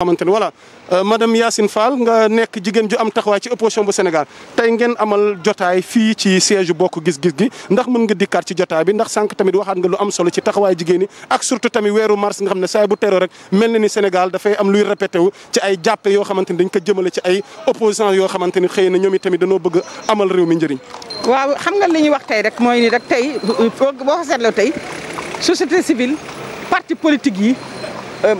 xamante ne voilà euh, madame Yacine Fall nga nekk jigéen ju am taxawaay ci opposition bu Sénégal tey ngeen amal jotaay fi ci siège bokk gis-gis gi ndax mën nga dikkaat ci jotaay bi ndax sànq tamit waxaat nga lu am solo ci taxawaay jigéen ñi ak surtout tamit weeru mars nga xam ne saay bu teroo rek mel na ni Sénégal dafay am luy répété wu ci ay jàppe yoo xamante ni dañ ko jëmale ci ay opposants yoo xamante ni xëy na ñoom i tamit dañoo bëgg amal réew mi njariñ waaw xam nga li ñuy wax tey rek mooy rek tey boo ko seetloo tey société civile parti politique yi Euh,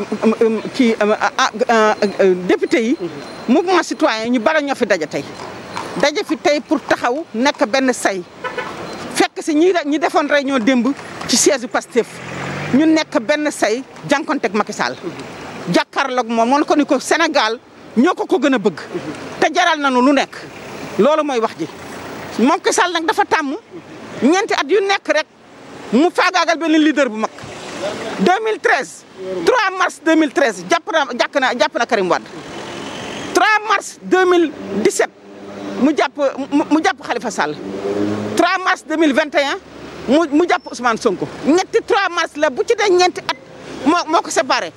kii euh, ah, ah, euh, député yi mhm. mouvement citoyen ñu bari ñoo fi daje tey daje fi tey pour taxaw nekk benn say fekk si ñi ñi defoon réunion démb ci siège u Pastef ñu nekk benn say jànkonteeg Macky Sall mhm. jàkkaarloog moo ko ni ko Sénégal ñoo ko ko gën a bëgg mhm. te jaral na nañu lu nekk loolu mooy wax ji moom Macky nag dafa tàmm ñeenti at yu nekk rek mu faagaagal benn leader bu mag 2013 3 mars 2013 jàpp na jàpp na jàpp na Karim Wade 3 mars 2017 mu jàpp mu jàpp Khalifa Sall 3 mars 2021 mu mu jàpp Ousmane Sonko ñetti 3 mars la bu ci dee ñeenti at moo moo ko séparé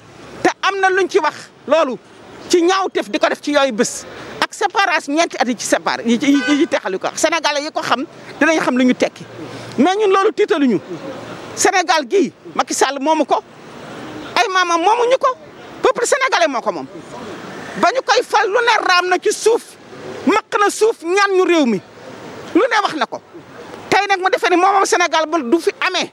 te am na luñ ci wax loolu ci ñaaw tef di ko def ci yooyu bés ak séparation ñeenti at yi ci séparé yi ci yi ko wax sénégalais yi ko xam dinañ xam lu ñu tekki mais ñun loolu tiitaluñu senegal gii Macky Sall moomu ko ay maamam moomuñu ko peuple sénégalais moo ko moom ba ñu koy fal lu ne raam na ci suuf maq na suuf ñaan ñu réew mi lu ne wax na ko tey nag mu defee ni moomam senegal ba du fi amee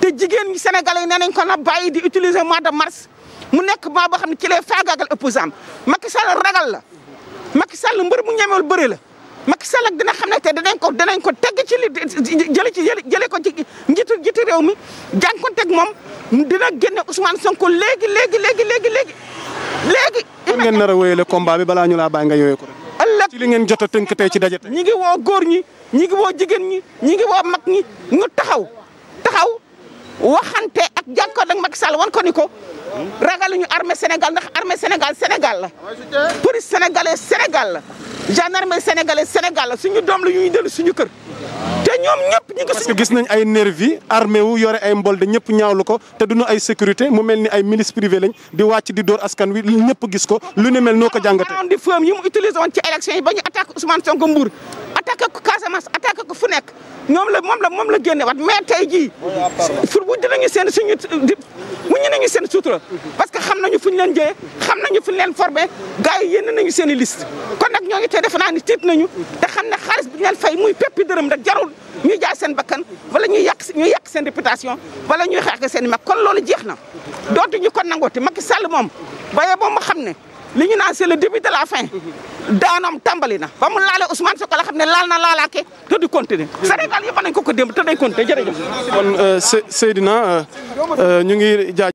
te jigéen ñi sénégalais yi nee nañ ko na bàyyi di utiliser mois de mars mu nekk mois boo xam ne ci lay faagaagal opposant Macky Sall ragal la Macky Sall mbër mu ñemewul bëre la Macky Sall ak dina xam ne te danañ ko danañ ko teg ci li jële ci jële ko ci njiitu njiitu réew mi jànkuwanteeg moom dina génne Ousmane Sonko léegi léegi léegi léegi léegi léegi. kon ngeen nar a wéyale combat bi balaa ñu laa bàyyi nga yooyee ko rek. ëllëg li ngeen jot a tënk tey ci daje tey. ñi ngi woo góor ñi ñi ngi woo jigéen ñi ñi ngi woo mag ñi ñu taxaw taxaw waxante ak jàkkoor nag Macky Sall wan ko ni ko ragaluñu armée Sénégal ndax armée Sénégal Sénégal la ah, police sénégalaise Sénégal la gendarmerie sénégalaise Sénégal la suñu doom la ñuy dellu suñu kër te ñoom ñëpp ñu ngi parce que gis nañ ay nervi armé wu yore ay mbolde ñëpp ñaawlu ko te duñu ay sécurité mu mel ni ay milice privé lañ di wàcc di dóor askan wi ñëpp gis ko lu ne mel noo ko jàngatee di fëm yi mu utilisé woon ci élection yi ba ñu attaque Ousmane Sonko Mbour attaqué ko Casamance attaqué ko fu nekk ñoom la moom la moom la génne wat mais tey jii fur bu dinañu seen suñu di muñu nañu seen sutura parce que xam nañu fu ñu leen jëyee xam nañu fu ñu leen formé gars yi yénn nañu seen i liste kon nag ñoo ngi tey defe naa ni tiit nañu te xam ne xaalis bi ñu leen fay muy péppi dërëm rek jarul ñuy jaay seen bakkan wala ñuy yàq ñuy yàq seen réputation wala ñuy xeex seen i mag kon loolu jeex na dootuñu ko nangooti Macky Sall moom baye moom mu xam ne li ñu naan c'est le la fin daanoom tàmbali na ba mu laale Ousmane Sonko la xam ne laal na laalaake te du continuer Sénégal yëpp nañ ko ko démb te day continuer jërëjëf kon euh, Seydina euh, euh, ñu ngi jaaj